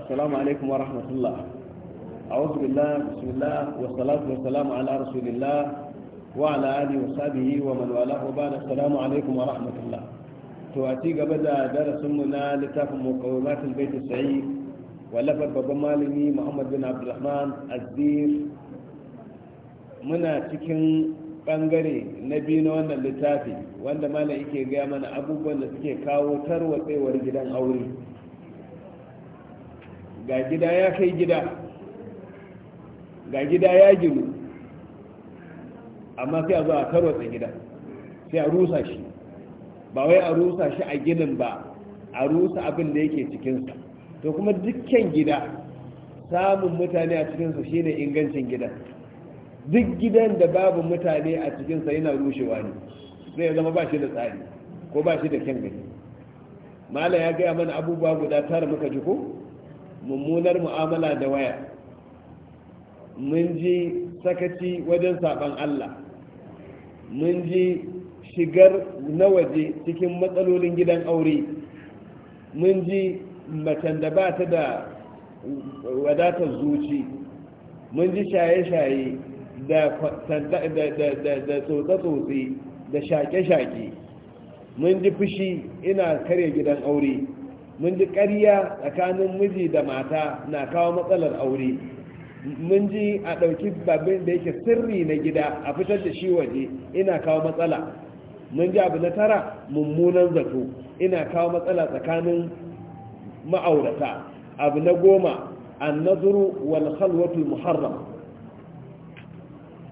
السلام عليكم ورحمة الله أعوذ بالله بسم الله والصلاة والسلام على رسول الله وعلى آله وصحبه ومن والاه وبعد السلام عليكم ورحمة الله تواتي قبل درس منا لتاف مقومات البيت السعيد ولفت بابا مالمي محمد بن عبد الرحمن الزير muna cikin bangare na biyu na wannan littafi wanda malam yake gaya mana abubuwan da suke kawo tarwatsewar gidan aure ga gida ya kai gida ga gida ya ginu amma sai a zo a tarwatsa gida sai a rusa shi ba wai a rusa shi a ginin ba a rusa abin da yake cikinsa to kuma dukkan gida samun mutane a cikinsa shine ingancin gidan duk gidan da babu mutane a cikinsa yana rushewa ne zai zama ba shi da tsari ko ba shi da kyan gani mala ya gaya mana abubuwa guda tara muka ji ko mummunar mu'amala da waya mun ji sakaci wajen saban Allah mun ji shigar na waje cikin matsalolin gidan aure mun ji macen da ba ta da wadatar zuci mun ji shaye-shaye da tsotse-tsotse da shaƙe-shaƙe mun ji fushi ina karya gidan aure mun ji ƙarya tsakanin miji da mata na kawo matsalar aure mun ji a ɗauki babin da yake sirri na gida a fitar da shi waje ina kawo matsala mun ji abu na tara mummunan zato ina kawo matsala tsakanin ma'aurata abu na goma annazuru wal khalwatul muharram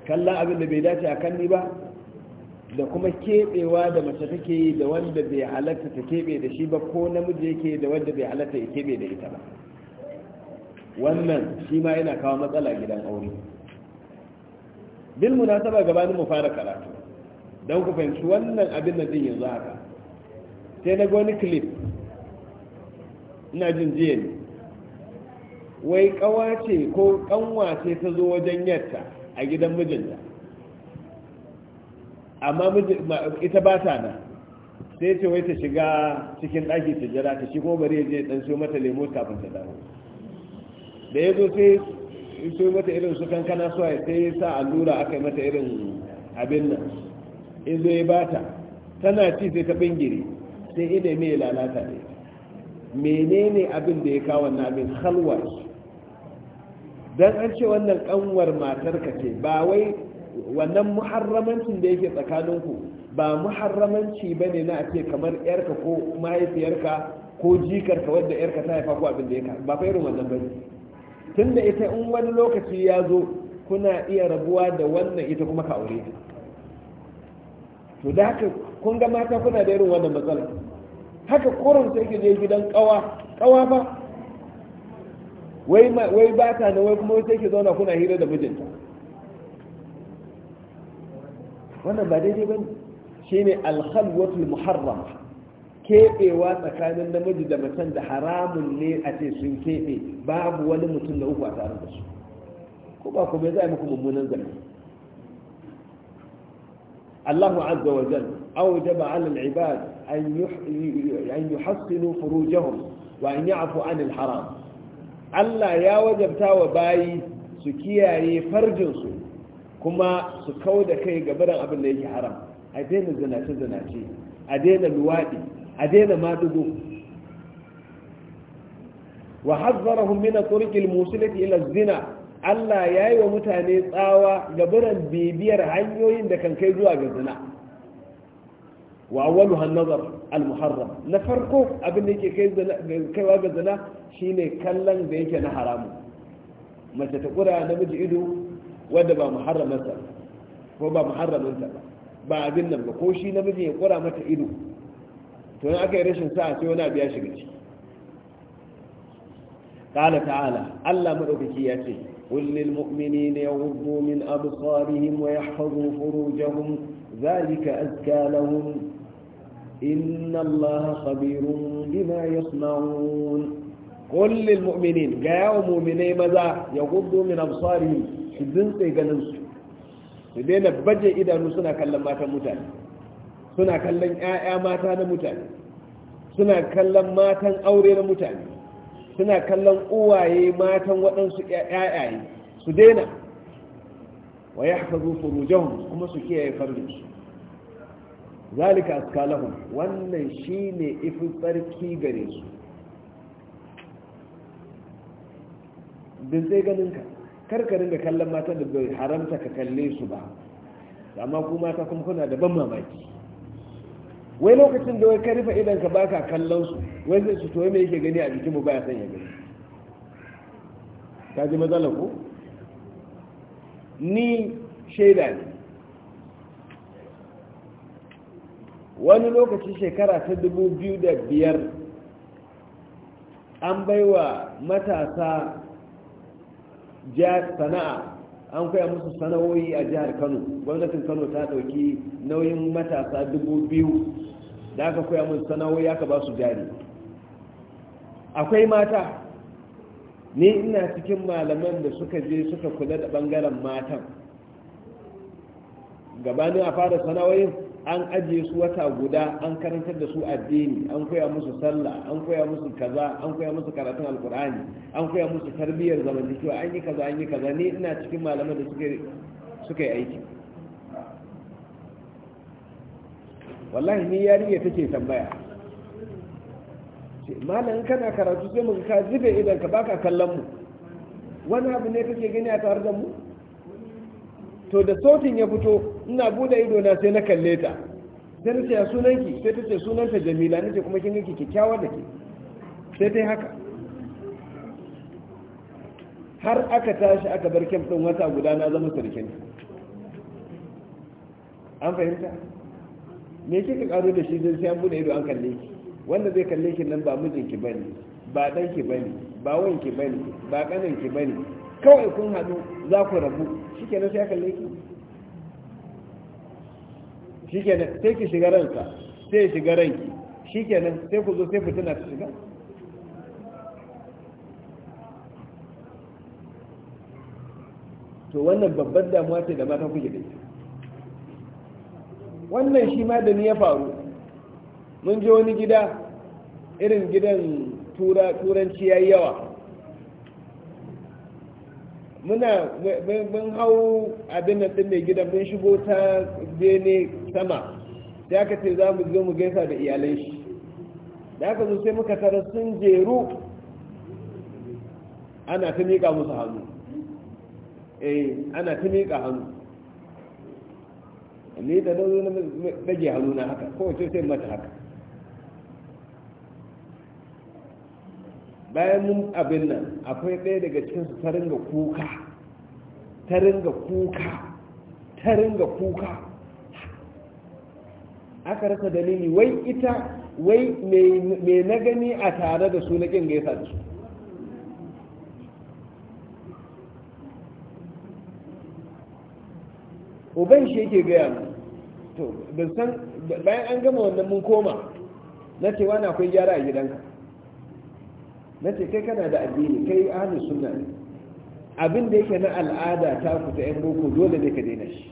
kalla abin da bai dace a ni ba da kuma keɓewa da mace take yi da wanda bai halatta ta keɓe da shi ba ko namiji yake da wanda bai halatta ya keɓe da ita ba wannan shi ma yana kawo matsala gidan aure bil munasaba gabanin mu fara karatu don ku fahimci wannan abin da jin yanzu haka sai na wani clip ina jin jiya ne wai kawace ko kanwace ta zo wajen yatta a gidan mijinta amma ita ba ta nan sai ce wai ta shiga cikin ɗaki ta jira ta shigo bari ya je ɗan so mata lemo kafin ta dawo da ya zo sai so mata irin su kankana suwa sai ya sa allura aka yi mata irin abin nan in zo ya bata tana ci sai ta bingire sai ina mai lalata ne menene abin da ya kawo na abin halwar dan an ce wannan kanwar ka ce ba wai wannan muharramancin da yake tsakaninku ba muharramanci ba ne na ake kamar yarka ko mahaifiyarka ko jikarka wadda yarka ta haifa ko abin da ya ba fa irin wannan ba tunda ita in wani lokaci ya zo kuna iya rabuwa da wannan ita kuma ka aure to da haka kun ga mata kuna da irin wannan matsala haka kurun sai ke je gidan kawa kawa ba wai ba ta na wai kuma sai ke zauna kuna hira da mijinta wannan ba daidai ba ne shi shine alhalwatul muharram keɓewa tsakanin namiji da macen da haramun ne a ce sun keɓe babu wani mutum da uku a tare da su ko ba kuma za a muku mummunan zargi الله عز وجل أوجب على العباد أن يحصنوا فروجهم وأن يعفوا عن الحرام Allah ya wajabta wa bayi su kiyaye farjinsu kuma su kau da kai ga barin abin da yake haram a daina zinace zinace a daina luwaɗi a daina madugo wa hazzarahum min at-turuq al-musilati ila zina Allah ya yi wa mutane tsawa ga barin bibiyar hanyoyin da kan kai zuwa ga zina wa awwaluha an al-muharram na farko abin da yake kai kaiwa ga zina shine kallon da yake na haramu mace ta kura namiji ido wanda ba muharramansa ko ba muharramanta ba ba abin nan ba ko shi namiji ya kura mata ido to in aka yi rashin sa'a sai wani abu ya shiga ciki قال تعالى الله مدوكياتي قل للمؤمنين يغضوا من أبصارهم ويحفظوا فروجهم ذلك أزكى لهم إن الله خبير بما يصنعون kullil mu'minin ga yawan mu'minai maza ya gudu min absari su dintse ganin su daina baje idanu suna kallon matan mutane suna kallon 'ya'ya mata na mutane suna kallon matan aure na mutane suna kallon uwaye matan waɗansu 'ya'yaye su daina wa ya haka kuma su kiyaye farjinsu zalika askalahum wannan shine ifi tsarki gare su din sai ganinka kar ka dinga kallon matan da bai haramta ka kalle su ba amma ku mata kuma kuna da ban mamaki wai lokacin da wai ka rufe idan ka baka kallon su wai zai su to me yake gani a jikin mu baya sanya ya gani ka ji matsalar ku ni shaida ne wani lokaci shekara ta dubu biyu da biyar an baiwa matasa Jihar sana'a an koya musu sana'o'i a jihar kano gwamnatin kano ta ɗauki nauyin matasa dubu biyu da aka koya musu sana'o'i aka ba su jari akwai mata ni ina cikin malaman da suka je suka kula da bangaren matan gabanin a fara sana'o'in an ajiye su wata guda an karantar da su addini an koya musu sallah an koya musu kaza an koya musu karatun alkur'ani an koya musu tarbiyyar zamantakewa an yi kaza an yi kaza ne ina cikin malaman da suka yi aiki wallahi ni yarinya take tambaya malam kana karatu sai mu ka zube idan ka baka kallon mu wani abu ne kake gani a tare da mu to da sautin ya fito ina bude ido na sai na kalle ta sai ta ce ya sunanki sai ta ce sunanta jamila na ce kuma kin ganki kikkiawa da ke sai ta yi haka har aka tashi aka bar kyam ɗin wata guda na zama sarkin an fahimta me ka karo da shi zai sai an bude ido an kalle ki wanda zai kalle ki nan ba mijinki bane ba ɗanki bane ba wanki bane ba ƙaninki bane kawai kun haɗu za ku rabu shikenan sai aka ke shikenan sai ki shiga ranka sai shiga ranki shikenan sai ku zo sai fitina ta shiga to wannan babban damuwa ce da mata kuke da ita wannan shi ma da ni ya faru mun je wani gida irin gidan turanci ya yi yawa muna mun hau abin da din mai gidan mun shigo ta bene sama ya aka ce za mu zo mu gaisa da iyalai shi da aka zo sai muka tara sun jeru ana ta miƙa musu hannu eh ana ta miƙa hannu ni da na zo na dage hannu na haka ce sai mata haka bayan mun abin nan akwai ɗaya daga cikinsu ta ringa kuka ta ringa kuka ta ringa kuka aka rasa dalili wai ita wai mai na gani a tare da su na ƙin gaisa da su uban shi yake gaya mu to bayan an gama wannan mun koma na cewa na akwai gyara a gidanka na ce kai kana da addini kai ahli sunna abin da yake na al'ada ta fita yan boko dole ne ka daina shi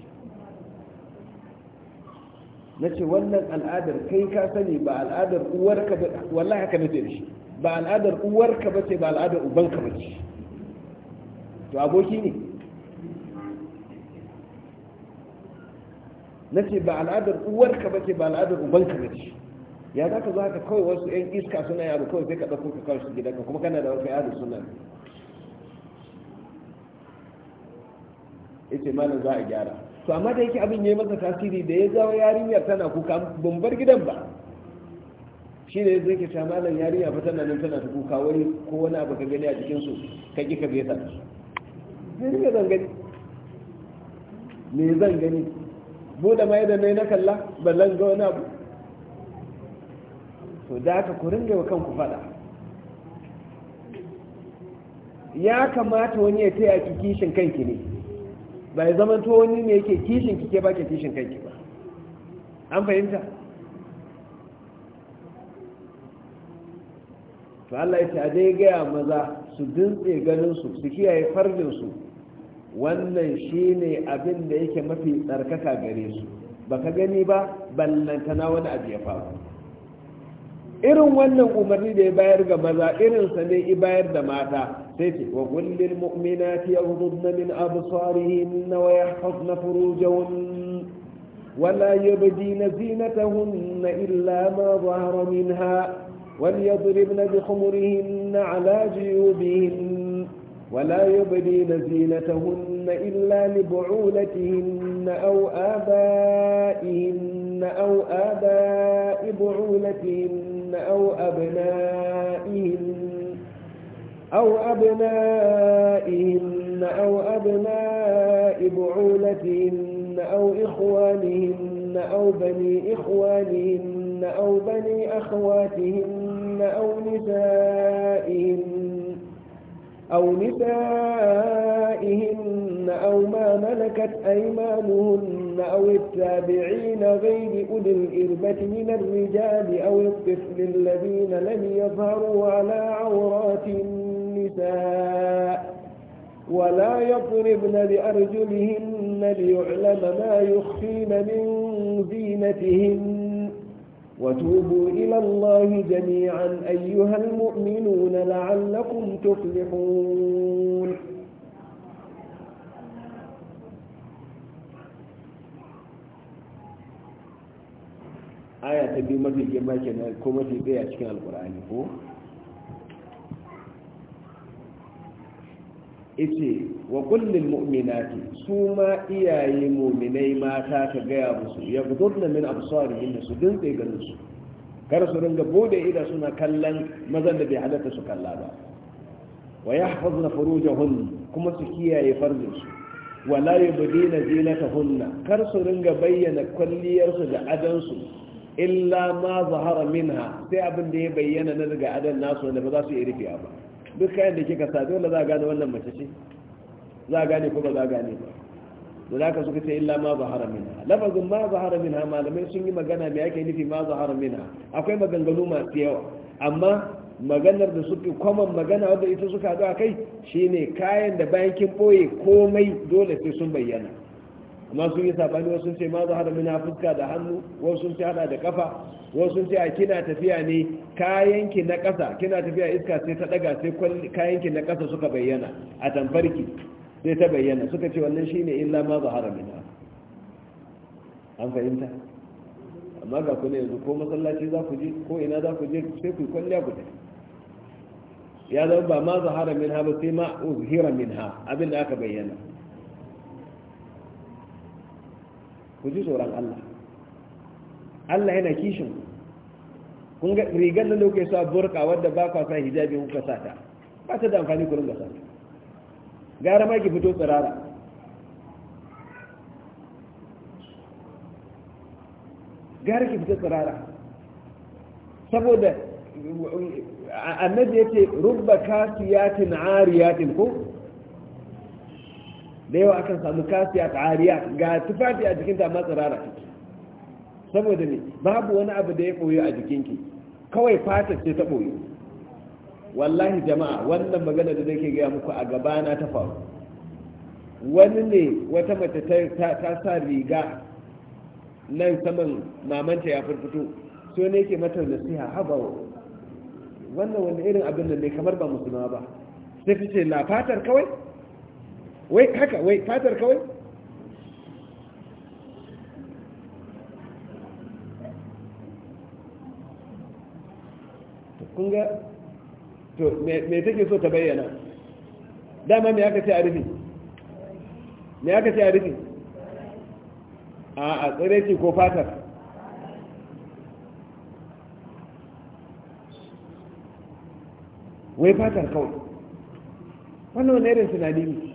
na ce wannan al'adar kai ka sani ba al'adar uwarka ba wallahi haka nace da shi ba al'adar uwarka ba ce ba al'adar ubanka ba ce to aboki ne na ce ba al'adar uwarka ba ce ba al'adar ubanka ba ce ya za ka zo kawai wasu yan iska suna yaro kawai sai ka ɗauko ka kawai shi gidanka kuma kana da wata yaro suna ita malam za a gyara to amma da yake abin ya yi masa tasiri da ya zawo yarinyar tana kuka ban bar gidan ba shi ne zai ke ta malam yarinya fa tana nan tana ta kuka wani ko wani abu ka gani a jikinsu ka ƙi ka gaisa yarinya zan gani me zan gani mu da mai da nai na kalla ballan ga wani abu to da aka ku ringa wa kanku fada ya kamata wani ya taya ki kishin kanki ne ba zama to wani ne yake kishin ki ke baki kishin kanki ba an fahimta to Allah ya ce a dai gaya maza su dintse ganinsu su kiyaye farjinsu wannan shine abin da yake mafi tsarkaka gare su baka gani ba ballantana wani abu ya faru irin wannan umarni da ya bayar ga maza irin sa ne i bayar da mata sai ce wa kullil mu'minati yaghuddna min absarihin wa yahfazna furujahun ولا يبدين زينتهن إلا ما ظهر منها وليضربن بخمرهن على جيوبهن ولا يبدين زينتهن إلا لبعولتهن أو آبائهن أو آباء بعولتهن أو أبنائهن أو أبنائهن أو أبناء بعولتهن أو إخوانهن أو بني إخوانهن أو بني أخواتهن أو نسائهن أو نسائهن أو ما ملكت أيمانهن أو التابعين غير أولي الإربة من الرجال أو الطفل الذين لم يظهروا على عورات النساء ولا يضربن بأرجلهن ليعلم ما يخفين من زينتهن وتوبوا إلى الله جميعا أيها المؤمنون لعلكم تفلحون aya ta biyu mafi girma kenan ko mafi tsaye cikin alkur'ani ko ice wa kullum mu'minati su ma iyaye mu'minai mata ka gaya musu ya gudurna min absarihim su dintse ganin su kar su ringa bude ida suna kallon mazan da bai halatta su kalla ba wa yahfazna furujahun kuma su kiyaye farzin su wa la yubdina hunna kar su ringa bayyana kwalliyarsu da adansu illa ma zahara minha sai abin da ya bayyana na daga adan nasu wanda ba za su iya rufiya ba duk kayan da kika sa dole za a gane wannan mace ce za a gane ko ba za a gane ba da za ka suka ce illa ma hara minha lafazin ma hara minha malamai sun yi magana mai ake nufi ma hara minha akwai maganganu masu yawa amma maganar da suke kwaman magana wadda ita suka zo a kai shine kayan da bayan kin boye komai dole sai sun bayyana amma sun yi sabani wasu ce ma da mina fuska da hannu wasu sun ce hada da kafa wasu sun ce a kina tafiya ne kayanki na ƙasa kina tafiya iska sai ta daga sai kayanki na ƙasa suka bayyana a tamfarki sai ta bayyana suka ce wannan shine illa ma zahara mina an fahimta amma ga kuna yanzu ko masallaci za ku je ko ina za ku je sai ku kwalliya ku tafi ya zama ba ma zuwa min ha ba sai ma uzhira min ha abin da aka bayyana ku ji tsoron Allah Allah yana kishin kun ga rigar nan da kuke sa burka wadda ba ka sa hijabi kuka ka sata ba ta da amfani ku ringa sa gara ma ki fito tsirara gara ki fito tsirara saboda annabi yace rubba kasiyatin ariyatin ko da yawa akan samu kasiya tsariya. ga tufafi a jikinta amma tsirara take saboda ne babu wani abu da ya koyo a jikinki kawai fata ce ta koyo wallahi jama'a wannan magana da nake gaya muku a gabana ta faru wani ne wata mace ta sa riga nan saman mamanta ya firfito so ne yake mata nasiha haba wannan wani irin abin da ne kamar ba musulma ba sai fice la fatar kawai wai haka wai fatar kawai kun ga to me take so ta bayyana dama me aka ce a rufi? me aka ce a rufe a tsireci ko fatar wai fatar kawai wannan wani irin sinadini.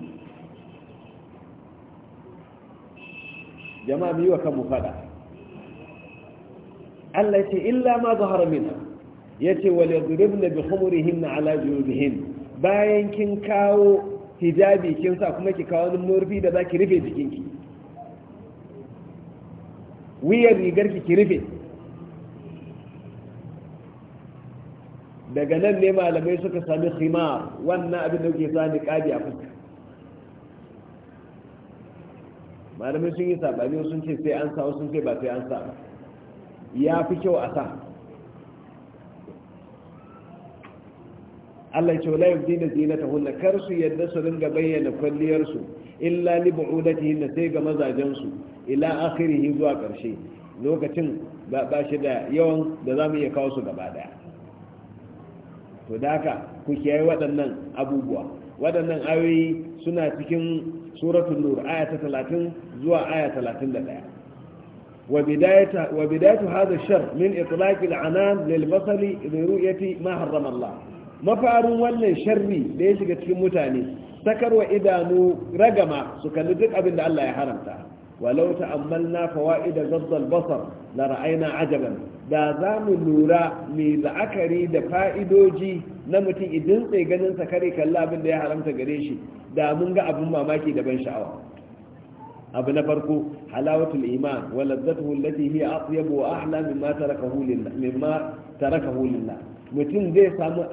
jama'a mu yi wa kanmu fada Allah ya ce illa ma zahara minha yace wal yadribna bi khumurihinna ala jubihin bayan kin kawo hijabi kin sa kuma ki kawo murfi da zaki rufe jikinki wiyar rigarki ki rufe daga nan ne malamai suka sami khimar wannan abin da kuke sani kabi a fuska malamai sun yi sabani sun ce sai an sa sun ce ba sai an sa ya fi kyau a sa Allah ce wala ta hunna kar su yadda su ringa bayyana kwalliyar su illa li na sai ga mazajen su ila akhirihi zuwa karshe lokacin ba ba shi da yawan da zamu iya kawo su gaba daya to da haka ku kiyaye waɗannan abubuwa waɗannan ayoyi suna cikin suratul nur aya ta 30 zuwa aya 31 وبداية, وبداية هذا الشر من إطلاق العنان للبصل لرؤية ما حرم mafarin wannan sharri da ya shiga cikin mutane sakarwa idanu ragama su kalli duk abin da Allah ya haramta walau ta'ammalna fawaida zazzal basar la ra'ayna ajaban da za mu lura mai la'akari da fa'idoji na mutum idin tsaye ganin sa kare kalla abin da ya haramta gare shi da mun ga abin mamaki da ban sha'awa abu na farko halawatul iman wa ladzatuhu allati hiya atyabu wa ahla mimma tarakahu lillah mimma tarakahu lillah mutum zai samu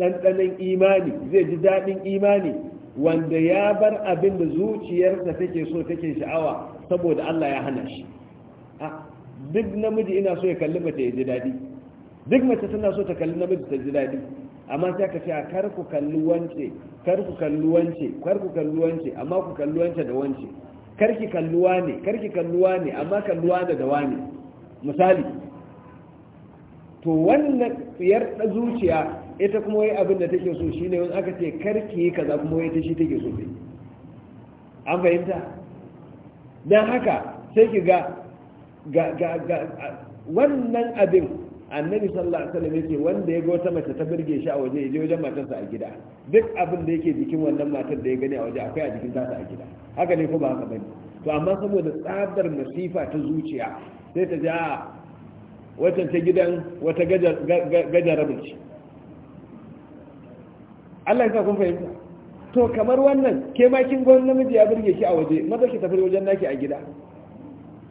dandanan imani zai ji dadin imani wanda ya bar abin da zuciyarsa take so take sha'awa saboda Allah ya hana shi duk namiji ina so ya kalli mace ya ji daɗi duk mace tana so ta kalli namiji ta ji daɗi amma sai ka ce a kar ku kalli wance kar ku kalli wance kar ku kalli wance amma ku kalli wance da wance kar ki kalluwa ne kar ki kalluwa ne amma kalluwa da dawa ne misali to wannan tsiyar zuciya ita kuma wai abin da take so shine wani aka ce kar ki yi kaza kuma wai ta shi take so sai an fahimta dan haka sai ki ga ga ga wannan abin annabi sallallahu alaihi wasallam yake wanda ya ga wata mace ta birge shi a waje ya je wajen matarsa a gida duk abin da yake jikin wannan matar da ya gani a waje akwai a jikin tasa a gida haka ne ko ba haka bane to amma saboda tsabar masifa ta zuciya sai ta ji a watan ta gidan wata gajar ce Allah ya sa kun fahimta to kamar wannan ke ma kin gwan namiji ya birge shi a waje maza ki tafi wajen naki a gida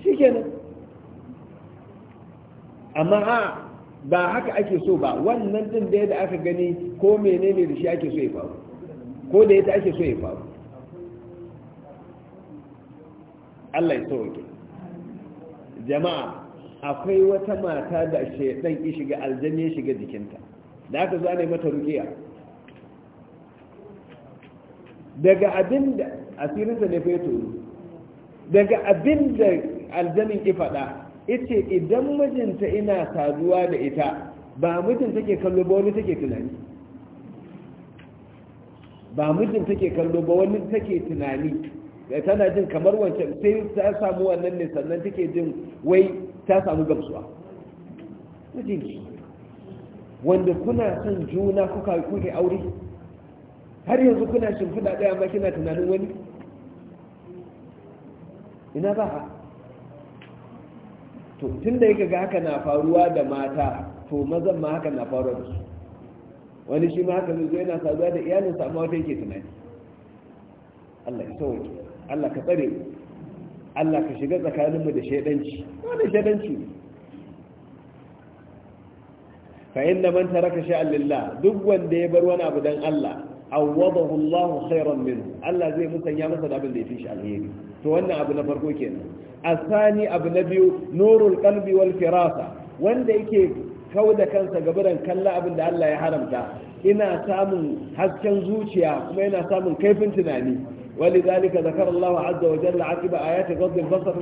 shikenan amma a ba haka ake so ba wannan din da yadda aka gani ko menene da shi ake so ya faru ko da yadda ake so ya faru Allah ya sauke jama'a akwai wata mata da shaidan ki shiga aljanna ya shiga jikinta da aka zo ne mata rukiya daga abin da asirinsa ne fetur daga abin da aljanin ki faɗa ita idan mijinta ina saduwa da ita ba mijin take kallo ba wani take tunani ba mijin take kallo ba wani take tunani da tana jin kamar wancan sai ta samu wannan ne sannan take jin wai ta samu gamsuwa mijinki wanda kuna son juna kuka kuke aure har yanzu kuna shimfiɗa ɗaya ma kina tunanin wani ina ba to tun da yake ga haka na faruwa da mata to mazan ma haka na faruwa da su wani shi ma haka zai zo yana saduwa da iyalinsa amma wata yake tunani Allah ya sauke Allah ka tsare Allah ka shiga tsakaninmu da shaidanci wani shaidanci ne fa inna man taraka sha'an lillah duk wanda ya bar wani abu dan Allah awwadahu Allah khairan minhu Allah zai musanya masa da abin da yafi shi alheri to wannan abu na farko kenan asani abu na biyu nurul kalbi wal firasa wanda yake kau da kansa gaburan kalla abin da Allah ya haramta ina samun hasken zuciya kuma ina samun kaifin tunani ولذلك ذكر الله عز وجل عقب آيات غض البصر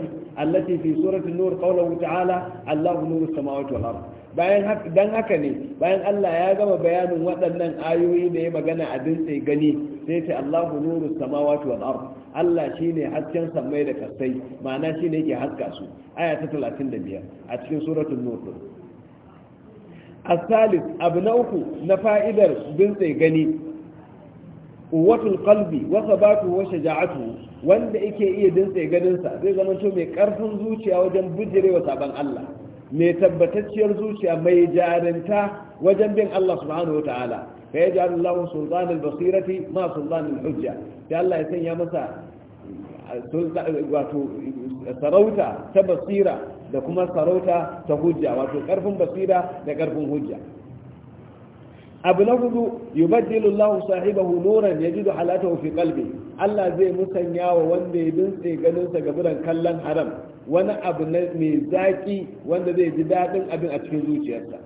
التي في سورة النور قوله تعالى الله نور السماوات والأرض bayan dan haka ne bayan Allah ya gama bayanin waɗannan ayoyi da ya magana a gani sai ta Allahu nuru samawati wal ard Allah shine hasken samai da kasai ma'ana shine yake haska su aya ta biyar a cikin suratul nur الثالث abu na uku na fa'idar bintse gani quwwatul qalbi wa thabatu wa shaja'atu wanda yake iya dintse ganin sa zai zama to mai karfin zuciya wajen bijirewa sabon Allah mai tabbatacciyar zuciya mai jarinta wajen bin Allah subhanahu fa yaj'al Allahu sultan al-basirati ma sultan al-hujja sai Allah ya sanya masa wato sarauta ta basira da kuma sarauta ta hujja wato karfin basira da karfin hujja abu na hudu yubaddilu Allah sahibahu nuran yajidu halatahu fi qalbi Allah zai musanya wa wanda ya dintse ganin sa gaburan kallon haram wani abu mai zaki wanda zai ji dadin abin a cikin zuciyarsa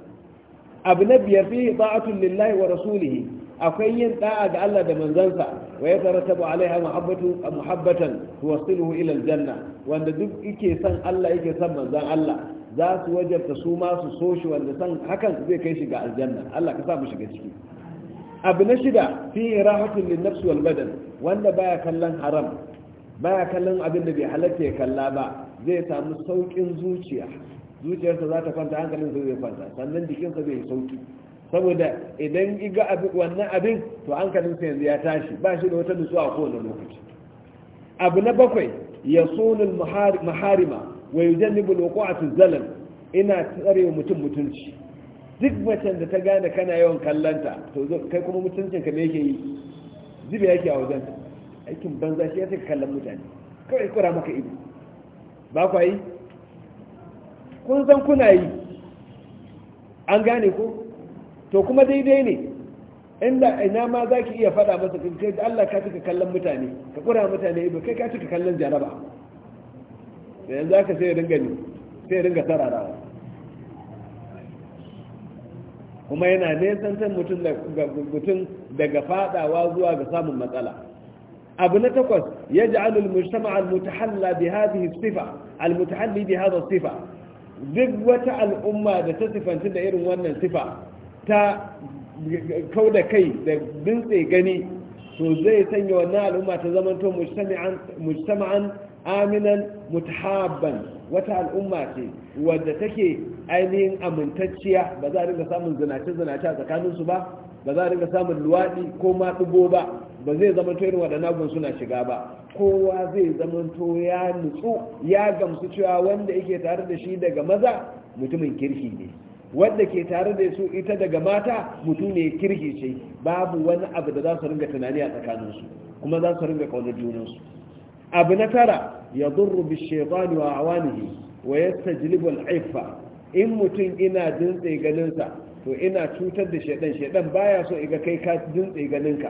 abu na biyar fi ta'atun lillahi wa rasulihi akwai yin da'a ga Allah da manzansa wa ya tarattabu alaiha muhabbatu muhabbatan tuwasiluhu ila aljanna wanda duk yake son Allah yake san manzan Allah za su wajarta su ma su wanda san hakan zai kai shi ga aljanna Allah ka sa mu shiga ciki abu na shida fi irahatun lin nafs wal wanda baya kallon haram baya kallon abin da bai halatta ya kalla ba zai samu saukin zuciya zuciyarsa za ta kwanta hankalin zai kwanta sannan jikinsa zai sauki saboda idan iga wannan abin to hankalin sa yanzu ya tashi ba shi da wata nutsuwa a kowane lokaci abu na bakwai ya sunan maharima wa yi jannibu lokwatu zalam ina tsarewa mutum mutunci duk macen da ta gane kana yawan kallanta to kai kuma mutuncin ka ne yake yi zibe yake a wajen aikin banza shi ya kallon mutane kawai kura maka ido ba kwa yi kun san kuna yi an gane ko to kuma daidai ne inda ina ma za ki iya faɗa masa kai da Allah ka cika kallon mutane ka kura mutane ido kai ka cika kallon jaraba da yanzu aka sai ringa ne sai ringa kuma yana nesan mutum mutum daga faɗawa zuwa ga samun matsala abu na takwas ya ji alul mujtama al-mutahalla bi hadhihi sifa al-mutahalli bi hadha sifa duk wata al'umma da ta sifanci da irin wannan sifa ta kau da kai da dutse gani to zai sanya wannan al'umma ta zamanto mujtama'an aminan mutahabban wata al'umma ce wadda take ainihin amintacciya ba za a dinga samun zinace-zinace a tsakaninsu ba ba za a dinga samun luwaɗi ko ma ɗubo ba ba zai zama to irin waɗannan suna shiga ba kowa zai zama to ya nutsu ya gamsu cewa wanda yake tare da shi daga maza mutumin kirki ne wanda ke tare da su ita daga mata mutum ne kirki ce babu wani abu da za su ringa tunani a tsakaninsu kuma za su ringa kaunar junansu abu na tara ya zurru bi shaitani wa awanihi wa yastajlibu al-aifa in mutum ina dintse ganinsa to ina cutar da shaidan shaidan baya so iga kai ka dintse ganinka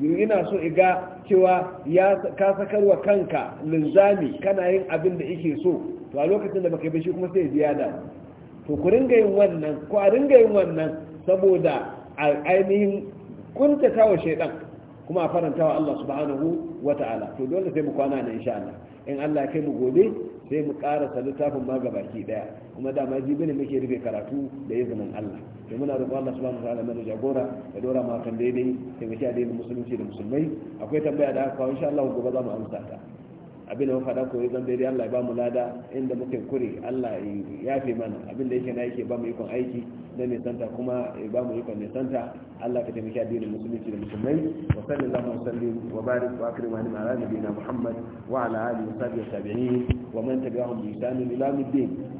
ina so iga cewa ya ka sakarwa kanka linzami kana yin abin da ike so to a lokacin da baka yi bashi kuma sai biya da to ku ringa yin wannan ko a ringa yin wannan saboda a ainihin kuntata wa shaidan kuma a faranta wa Allah subhanahu wa ta'ala to dole sai mu kwana na insha in Allah ya kai mu gobe sai mu karasa littafin ma ga baki daya kuma dama jibi ne muke rufe karatu da izinin Allah to muna roƙon Allah subhanahu wataala mana jagora ya dora ma kan daidai taimaki a daidai musulunci da musulmai akwai tambaya da aka kawo insha Allah gobe za mu amsa ta abin da faɗa ko zan daidai Allah ya ba mu lada inda muke kure Allah ya yafe mana abin da yake na yake ba mu ikon aiki na nisanta kuma ya ba mu ikon nisanta Allah ka taimaki addinin musulunci da musulmai wa sallallahu wa sallim wa barik wa akrim ala nabiyina Muhammad wa ala alihi wa sahbihi wa man tabi'ahum bi ihsan ila yawmiddin